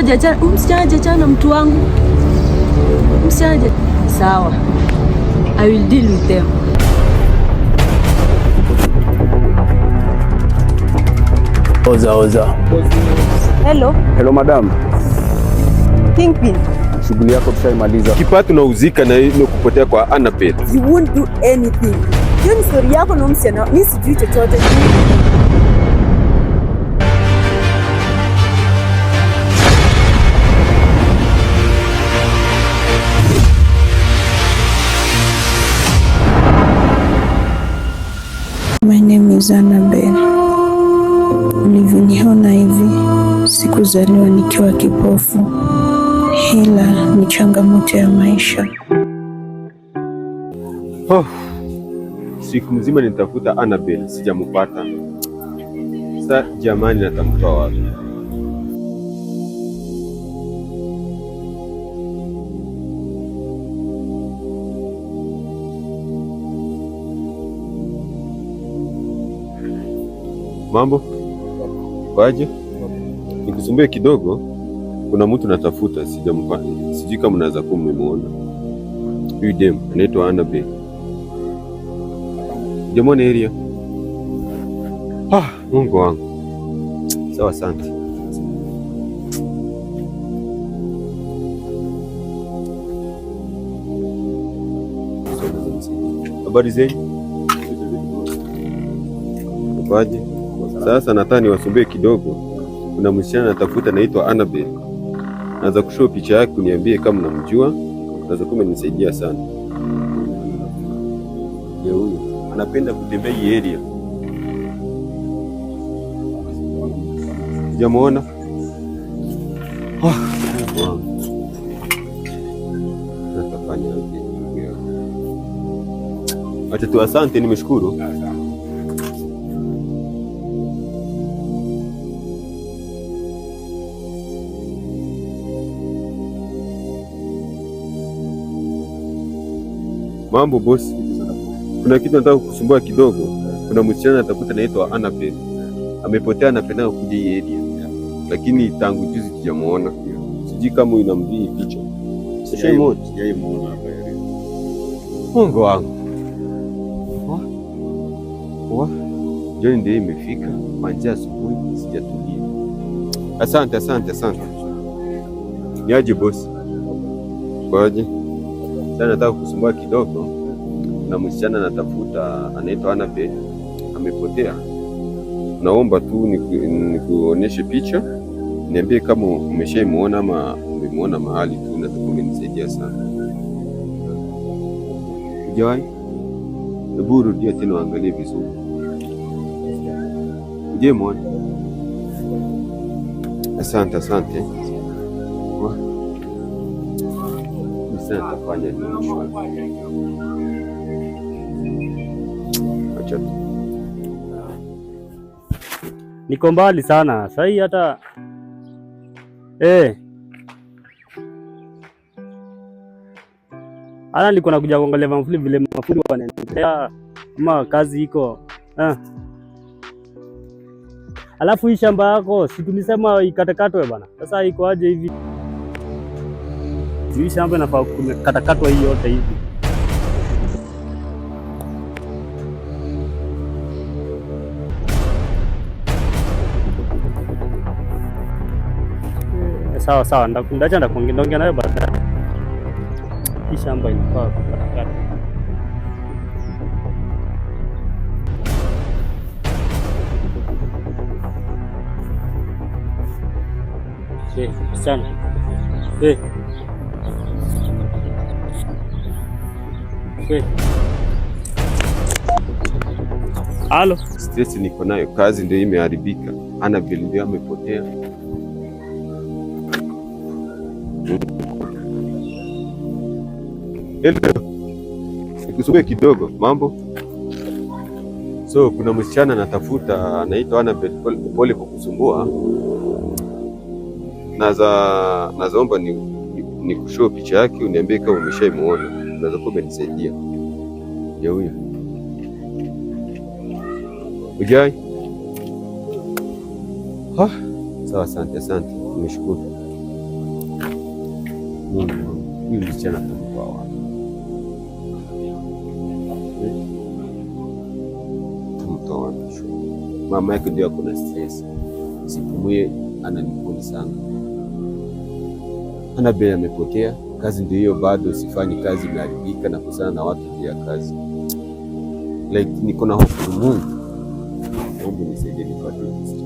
hajachana, msichana hajachana na mtu wangu, msichana sawa, I will deal with them. Oza, oza. Hello. Hello, madam. Kingpin. Shughuli yako tushaimaliza. Kipato na uzika na ile kupotea kwa Annabeth. You won't do anything. Hiyo ni story yako na msichana. Mimi sijui chochote. tulizozana mbele. Ulivyoniona hivi, sikuzaliwa nikiwa kipofu, hila ni changamoto ya maisha. Oh, siku mzima nitafuta Annabel sijamupata. Sa jamani, natamtoa wapi? Mambo kwaje? Nikusumbue kidogo, kuna mtu natafuta, sijampa, sijui kama mnaweza kuwa mmemwona. Huyu dem anaitwa Anabe. Jamani area. Ah, Mungu wangu. Sawa, asante. Habari zenu? Kwaje? Sasa nataka niwasumbue kidogo. Kuna msichana natafuta naitwa Annabel. Naweza kushoo picha yake kuniambie kama namjua, naweza kuwa umenisaidia sana. Ye huyo anapenda kutembea hii area. Jamuona? Oh, ah. natafanya aje? Acha tu, asante, nimeshukuru. Mambo bosi, kuna kitu nataka kukusumbua kidogo. Kuna msichana atakuta naitwa Anape amepotea, anapenda kuja hii area, lakini tangu juzi tujamuona, sijui kama inamdii picha. Mungu wangu, John ndio imefika kuanzia asubuhi, sijatulia. Asante, asante, asante. Niaje bosi, kwaje? msichana nataka kusumbua kidogo, na msichana natafuta anaitwa Annabel amepotea. Naomba tu nikuonyeshe picha, niambie kama umeshaimuona ama umemwona mahali tu, na ungenisaidia sana. Hujawahi? Hebu rudia tena uangalie vizuri. Je, mwana? Asante, asante atafanya niko mbali sana sahii hata eh. Ana niko nakuja kuangalia mafundi vile mafundi wanaendelea ama kazi iko eh. Alafu hii shamba yako si tulisema ikatekatwe bana, sasa iko aje hivi? hii shamba inafaa kumekatakatwa hii yote hivi. Hmm. Eh, sawa sawa, ndacha ndaongea nayo baadaye. Hii shamba inafaa kukatakatwa. Eh, Sana. kweli. Halo, stress niko nayo, kazi ndio imeharibika, ana bill ndio amepotea. Nikusubiri kidogo, mambo so kuna msichana anatafuta anaitwa Annabelle, pole kwa kusumbua. Naza nazaomba ni, ni, ni kushoo picha yake uniambie kama umeshaimuona unaweza kuwa umenisaidia. Ya huyo ujai. Sawa, asante asante, nimeshukuru. Huyu msichana tamtoa tamtoa, mama yake ndio ako na stress, sipumue, ananipuni sana. ana Anabel amepotea Kazi ndio hiyo, bado sifanyi kazi, imeharibika na kusana na watu juu ya kazi. Like niko na hofu Mungu, Mungu nisaidie nipate msichana.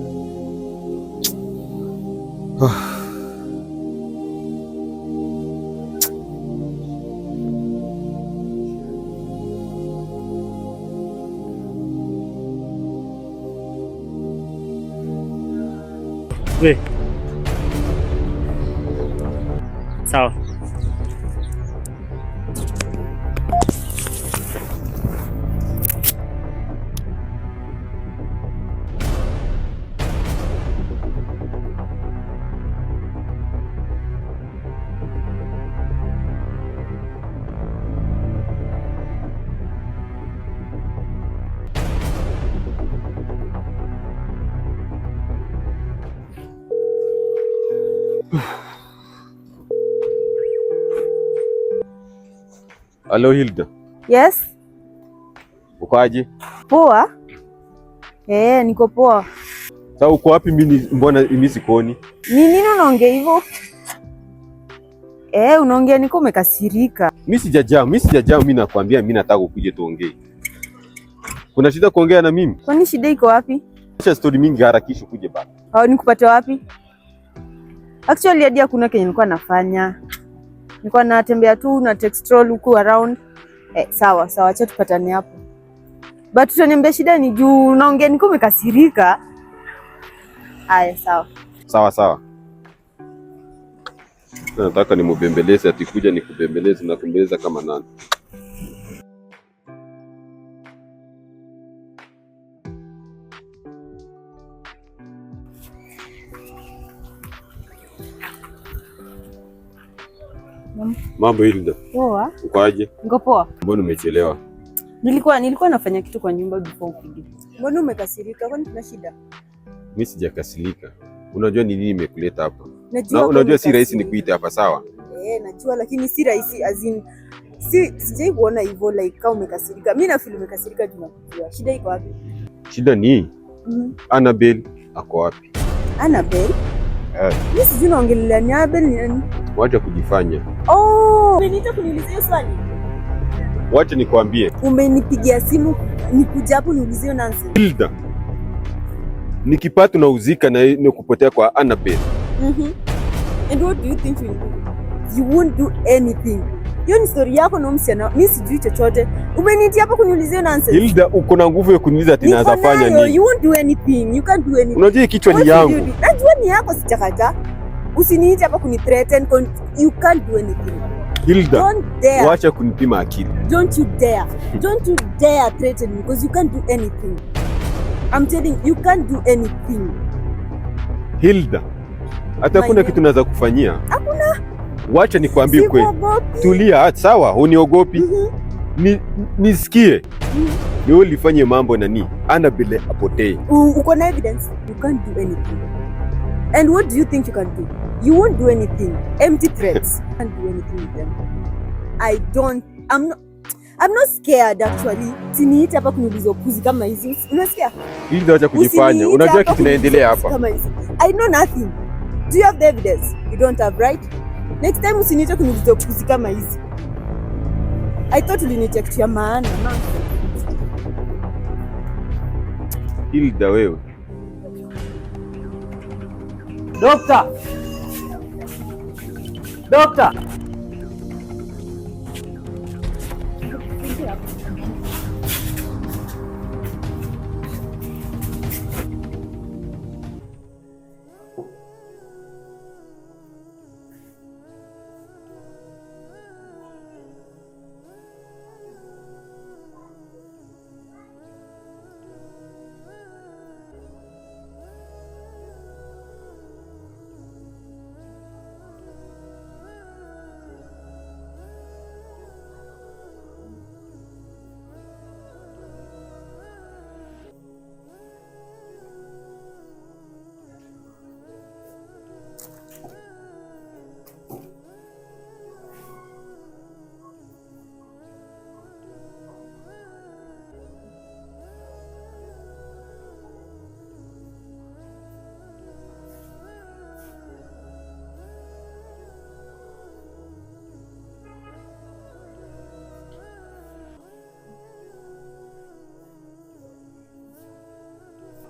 Hilda. Yes. Ukoaje? Poa. Eh, niko poa. Sasa uko wapi mimi mbona mimi sikuoni? Ni nini unaongea hivyo? Eh, unaongea niko umekasirika. Mimi sijajaa, mimi sijajaa, mimi nakwambia mimi nataka ukuje tuongee. Kuna shida kuongea na mimi? Kwani shida iko wapi? Acha story mingi harakisha kuje baba. Au oh, nikupate wapi? Actually hadi hakuna kenye nilikuwa nafanya nilikuwa natembea tu na textrol huku around eh, sawa sawa, acha tupatane hapo, but utaniambia shida ni juu unaongea niko umekasirika. Haya, sawa sawa sawa. Nataka nimubembeleze, atikuja nikubembeleze na kumbeleza kama nani? Mambo Hilda. Poa. Uko aje? Niko poa. Mbona umechelewa? Nilikuwa nilikuwa nafanya kitu kwa nyumba before upige. Mbona umekasirika? Kwani kuna shida? Mimi sijakasirika. Unajua ni nini imekuleta hapa? Na unajua si rahisi nikuita hapa sawa? Eh, najua lakini si rahisi as in si sijai kuona hivyo like kama umekasirika. Mimi na feel umekasirika juu nakujua. Shida iko wapi? Shida ni mm -hmm. Annabel ako wapi? Annabel? Eh. Mimi sijui naongelea Annabel ni nani? Wacha kujifanya. Oh. Umeniita kuniulizia swali? Wacha nikwambie. Umenipigia simu nikuja hapo niulizie Nancy. Hilda. Nikipata unauzika na ni kupotea kwa Annabeth. Mhm. Mm, and what do you think you will do? You won't do anything. Hiyo ni story yako na msichana. Mimi sijui chochote. Umeniita hapo kuniulizia Nancy. Hilda, uko na nguvu ya kuniuliza tena naweza fanya nini? You won't do anything. You can't do anything. Unajua kichwa ni yangu. Najua ni yako sitakata. Usiniite hapo kuni threaten. You can't do anything. Hilda, Wacha kunipima akili. Don't you dare. Hmm. Don't you dare threaten me because you can't do anything. I'm telling you, you can't do anything. Hilda, hata kuna kitu naweza kufanyia. Hakuna. Wacha nikwambie kweli. Tulia, sawa, huniogopi. Mm -hmm. Ni, nisikie. Mm -hmm. Ni wewe ulifanye mambo nani? Annabelle apotee. Uko na evidence? You can't do anything. And what do you think you can do? You won't do anything. Empty threats. Can't do anything with them. I don't. I'm not. I'm not scared actually. Siniite hapa kuniuliza ukuzi kama hizi. Unasikia? Hili ndio cha kujifanya. Unajua kitu kinaendelea hapa. Kama hizi. I know nothing. Do you have the evidence? You don't have, right? Next time usiniite kuniuliza ukuzi kama hizi. I thought you to kitu ya maana. Hilda wewe. Doctor. 떴다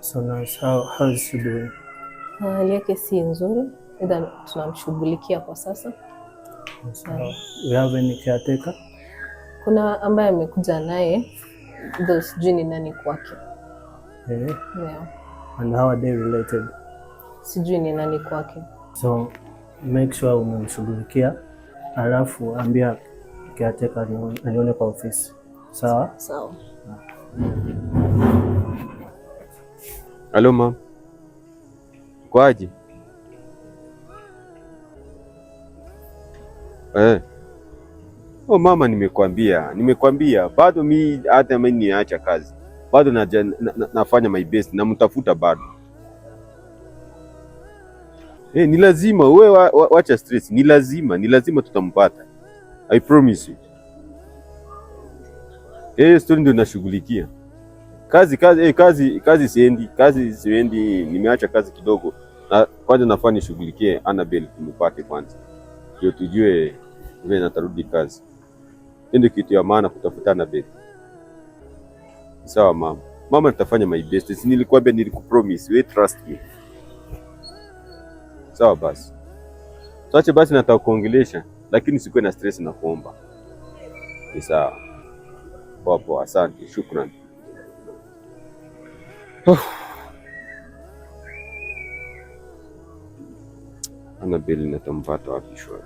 So nice. How, how is she doing? Ah, hali yake si nzuri, ila tunamshughulikia kwa sasa. So, uh, we have any caretaker? Kuna ambaye amekuja naye though sijui ni nani kwake. Eh. Yeah. Yeah. And how are they related? Sijui ni nani kwake. So make sure umemshughulikia, alafu ambia caretaker anione kwa ofisi. Sawa? Sawa. So. Ah. Halo ma, kwaje? Eh. Oh mama, nimekwambia nimekwambia, bado mi hata mimi niacha kazi bado na, na, nafanya my best namtafuta bado. Eh, ni lazima wewe wa, wa, wacha stress, ni lazima ni lazima tutampata. I promise you. Eh, story ndio nashughulikia kazi kazi, eh, kazi kazi siendi kazi siendi, nimeacha kazi kidogo na, kwanza nafaa nishughulikie Annabel mpate kwanza, ndio tujue vile natarudi kazi. Ndio kitu ya maana kutafuta Annabel. Sawa mama, mama, nitafanya my best, si nilikwambia, nilikupromise we trust me. Sawa basi, tuache basi, nataka kuongelesha lakini sikuwe na stress na kuomba. Ni sawa. popo, asante, shukrani. Она белина там вату обещает.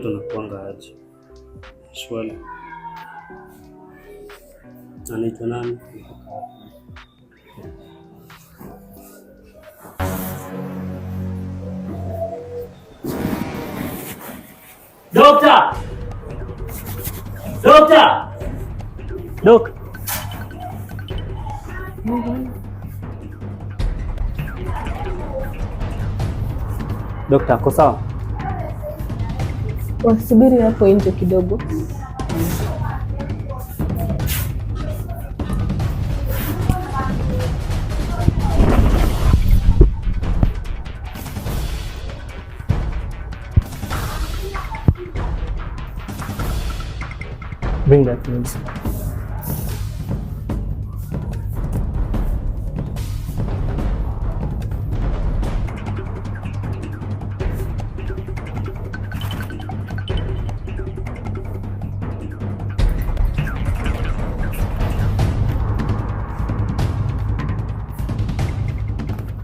kwani watu wanakuanga aje? Swali anaitwa nani? Dokta! Dokta! Dok. Dokta, kosa. sawa? wasubiri hapo nje kidogo. Bring that please.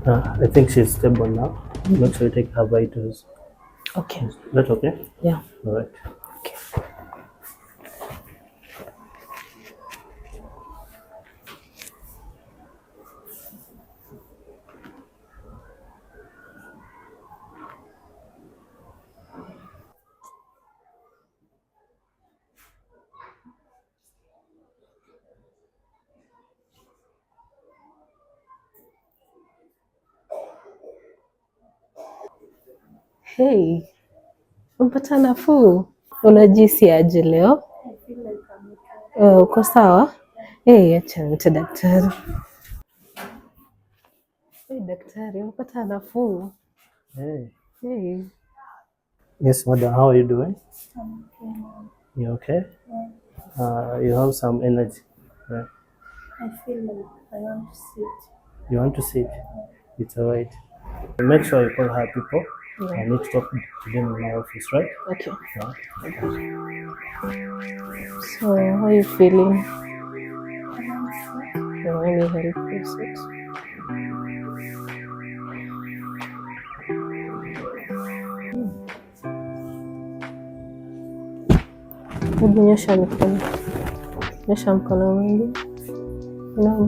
Uh, I think she's stable now. Make sure you take her vitals. Okay. Is that okay? Yeah. All right. Hey, umepata nafuu? Unajisi aje leo? Uh, uko sawa? Hey, acha nite daktari. Hey, daktari, umepata nafuu? Hey. Hey. Yes, madam, how are you doing? I'm okay. You okay? Yeah. Uh, you have some energy, right? I feel like I want to sit. You want to sit? Yeah. It's all right. Make sure you call her people. yeah. and to them in my office, right? Okay. Yeah. So, how are you feeling? No, I need help. Hebu nyosha mikono, nyosha mkono mwingine, No.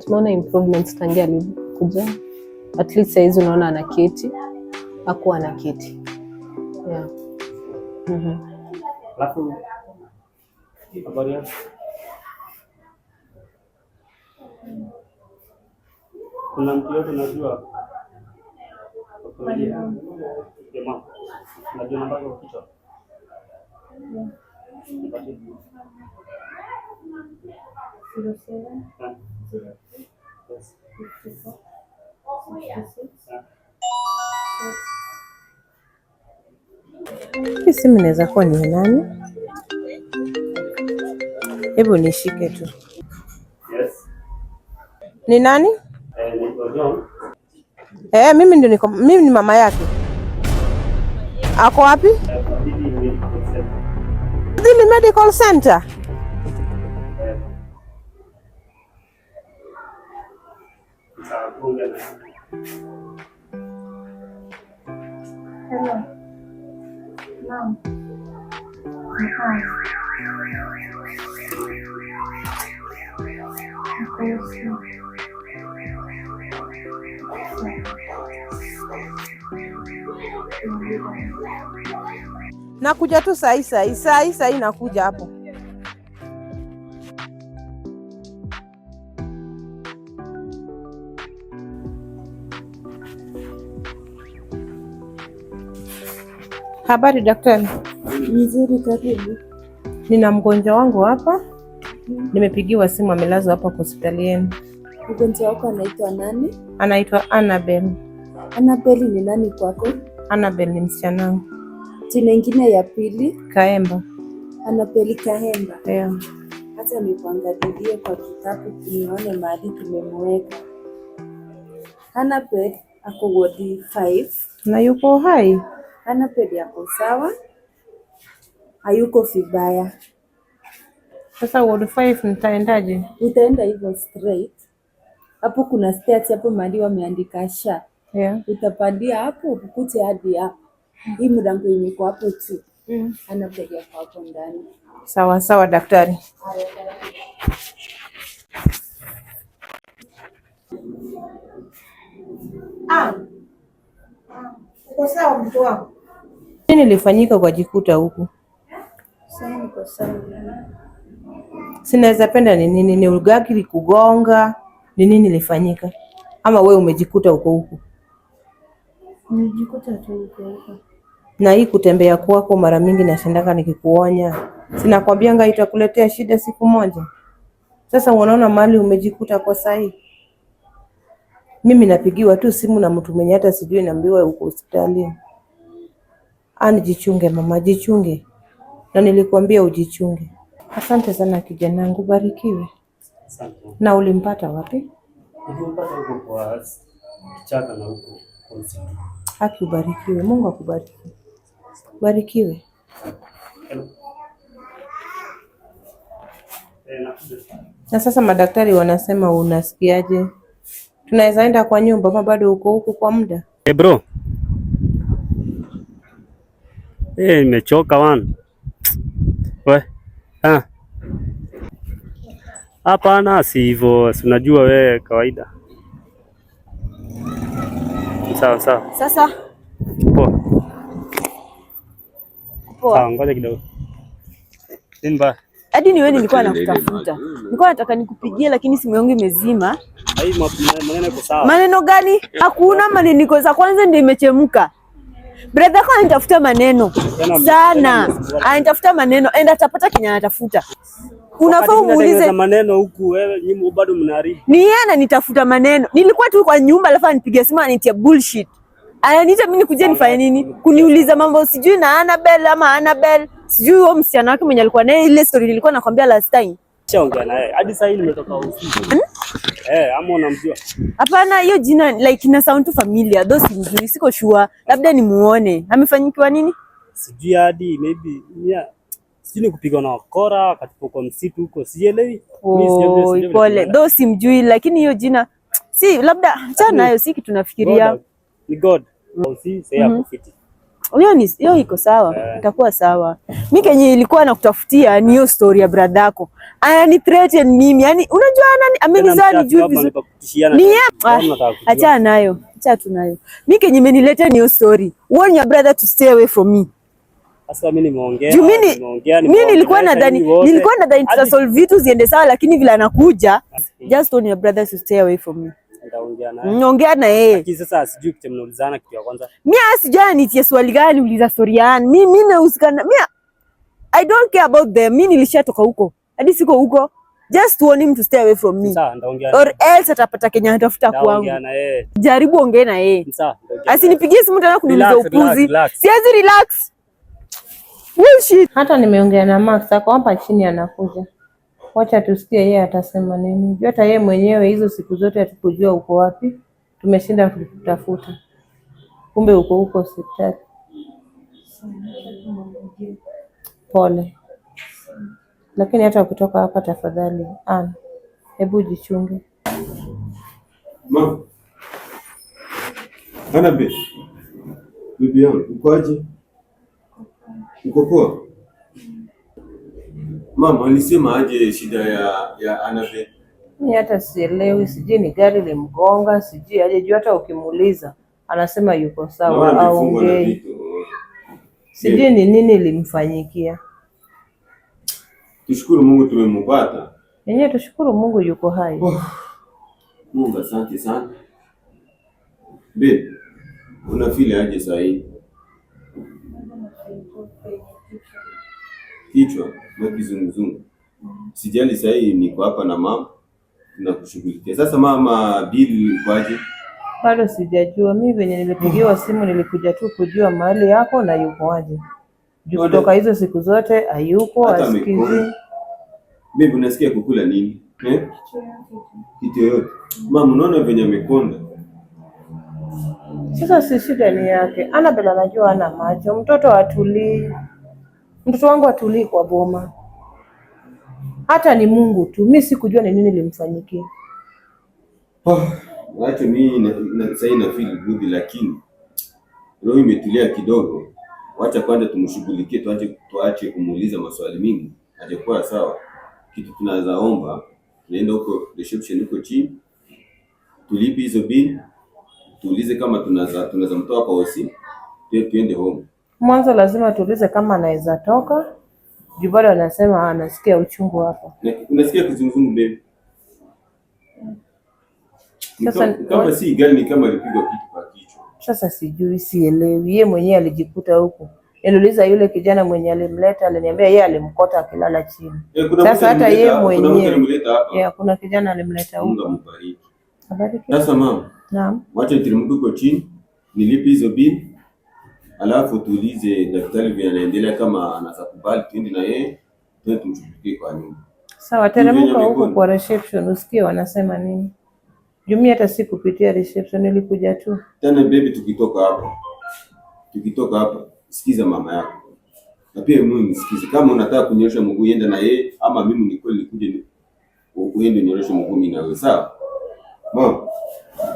tumeona improvements tangia alikuja, at least saizi unaona ana keti aku yeah. mm -hmm. Kuna mtu yote najua hii simu inaweza kuwa ni nani? Hebu nishike tu. Yes. Ni nani? Eh, eh, mimi ndio niko, mimi ni mama yake. Ako wapi? Medical Center. na nakuja tu sahi sahi sahi sahi, nakuja hapo. Habari daktari. mzuri karibu. Nina mgonjwa wangu hapa hmm. Nimepigiwa simu amelazwa hapa kwa hospitali yenu. Mgonjwa wako anaitwa nani? Anaitwa Annabel. Annabel ni nani kwako? Annabel ni msichana wangu. Jina ingine ya pili? Kaemba. Annabel Kaemba. Yeah. Hata nikuangalilie kwa kitabu kinione mahali tumemweka. Annabel ako wodi 5 na yuko hai pedi yako sawa, hayuko vibaya. Sasa ward 5 nitaendaje? Utaenda hivyo straight hapo, kuna stairs hapo mahali wameandika sha yeah. Utapandia hapo ukute hadi hapo hii mlango yenye iko hapo tu mm. Anaped yako hapo ndani. Sawa sawa, daktari. Ah. ah. Uko sawa mtu wangu? Nini kwa ukajikuta huku? Sinaweza penda ni nini? Ni ugaki likugonga? Ni nini lilifanyika, ama we umejikuta uko huku? Nijikuta tu niko huko. Na hii kutembea kwako mara mingi nashindaka nikikuonya, sinakwambianga itakuletea shida siku moja. Sasa unaona mali umejikuta kwa sahi. Mimi napigiwa tu simu na mtu mwenye hata sijui, naambiwa uko hospitalini. Ani, jichunge mama, jichunge, na nilikuambia ujichunge. Asante sana kijanangu, barikiwe. Na ulimpata wapi? Haki, ubarikiwe. Mungu akubariki, barikiwe. Eh, na sasa madaktari wanasema unasikiaje? Tunaweza enda kwa nyumba ama bado uko huku kwa muda? Hey eh, bro. Hey, eh, nimechoka wana. We. Ah. Hapana, si hivyo. Si unajua kawaida. Sawa sawa. Sasa. Poa. Poa. Sawa, ngoja kidogo. Simba. Hadi ni wewe nilikuwa nakutafuta. Nilikuwa nataka nikupigie lakini simu yangu imezima. Maneno gani? Hakuna maneno za kwanza ndio imechemka. Brother yako anitafuta maneno sana, anitafuta maneno and atapata kenye anatafuta. Unafaa umuulize maneno huku, wewe nyimbo bado mnaharibu. Ni yeye ananitafuta maneno. Nilikuwa tu kwa nyumba, alafu anipigia simu anitia bullshit. Ananiita mimi nikuje nifanye nini? Kuniuliza mambo sijui na Annabel ama Annabel. Sijui huyo msichana wake mwenye alikuwa naye ile story nilikuwa nakwambia last time. Chaongea naye. Hadi sasa hii nimetoka ofisi. Hmm? Eh, ama unamjua? Hapana, hiyo jina like ina sound tu familiar, though simjui, siko sure. Labda nimuone. Amefanyikiwa nini? Sijui hadi maybe yeah. sijui kupigwa na wakora kwa msitu huko, sielewi. Oh, pole. Though simjui lakini hiyo jina si labda chana nayo si kitu nafikiria. Ni God. Au si sasa mhm. hapo hiyo ni leo iko sawa, eh. itakuwa sawa. Mimi kenye ilikuwa nakutafutia ni hiyo story ya brada yako. Anani threaten mimi. Yaani unajua anani ni juu vizuri. Ni yeye. Acha nayo. Acha tunayo. Mimi kenye imeniletea ni hiyo story. Warn your brother to stay away from me. Sasa mimi nimeongea. Mimi nilikuwa nadhani nilikuwa nadhani tutasolve vitu ziende sawa, lakini vile anakuja just warn your brother to stay away from me. Mnaongea na yeye. Mimi sijui tie swali gani, uliza story yani. Mimi mimi na Mimi I don't care about them. Mimi nilishatoka huko. Hadi siko huko. Just want him to stay away from me. Sawa, ndaongea. Or else atapata Kenya atafuta kwangu. Jaribu ongea na yeye. Sawa, Asinipigie simu tena kuniuliza upuzi. Siwezi relax. Bullshit. Hata nimeongea na Max, ako hapa chini anakuja. Wacha tusikie yeye atasema nini. Jua hata yeye mwenyewe hizo siku zote hatukujua uko wapi, tumeshinda kutafuta, kumbe uko huko hospitali. Pole, lakini hata ukitoka hapa, tafadhali an hebu jichunge. Bibi yangu ukoaje? Uko poa? Mama alisema aje shida ya ya Anabel? Mimi hata sielewi, sijui ni gari limgonga, sijui aje juu. Hata ukimuuliza anasema yuko sawa, aongei, sijui ni nini limfanyikia. Tushukuru Mungu tumemupata yenyewe, tushukuru Mungu yuko hai. Oh, Mungu asante sana. Babe, unafili aje sahii? kichwa na kizunguzungu. Sijali sahii, niko hapa na mama na kushughulikia. Sasa mama, bili kwaje? Bado sijajua mimi, venye nilipigiwa simu nilikuja tu kujua mahali yako na yukoaje, juu kutoka hizo siku zote hayuko, asikizi. Mimi unasikia kukula nini eh? kitu yoyote mama, unaona venye amekonda sasa. Si shida ni yake, ana bila, anajua ana macho, mtoto atulii Mtoto wangu atulii kwa boma, hata ni Mungu tu. Mi sikujua ni nini limfanyikia. Oh, wacha mimi sahii na feel good, lakini roho imetulia kidogo. Wacha kwanza tumshughulikie, tuache tuache kumuuliza maswali mingi. Atakuwa sawa. Kitu tunaweza omba, tunaenda huko reception huko chini, tulipe hizo bili, tuulize kama tunaweza tunaweza mtoa kwa osi, tuende home. Mwanzo lazima tuulize kama anaweza toka juu bado anasema anasikia uchungu hapa. Unasikia kizunguzungu mbele. Sasa kama si gani kama alipigwa kitu kwa kichwa. Sasa sijui, sielewi. Yeye mwenyewe alijikuta huko. Niliuliza yule kijana mwenye alimleta, aliniambia yeye alimkota akilala chini. Eh, Sasa hata yeye mwenyewe kuna kijana alimleta huko. Habari. Sasa mama. Naam. Wacha iteremke kwa chini. Nilipe hizo bili alafu tuulize daktari vile anaendelea, kama anaweza kubali tuende na yeye tuwe tumshughulikie kwa nyumba. Sawa, teremka huko kwa reception usikie wanasema nini. Jumi hata si kupitia reception, nilikuja tu tena. Baby, tukitoka hapa tukitoka hapa, sikiza mama yako na pia mimi nisikize. Kama unataka kunyosha mguu yenda na yeye, ama mimi ni kweli nikuje uende nyoroshe mguu mimi na wewe. Sawa mama,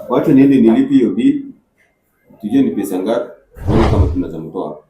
wacha niende nilipe hiyo bill, tujue ni pesa ngapi 那怎么做？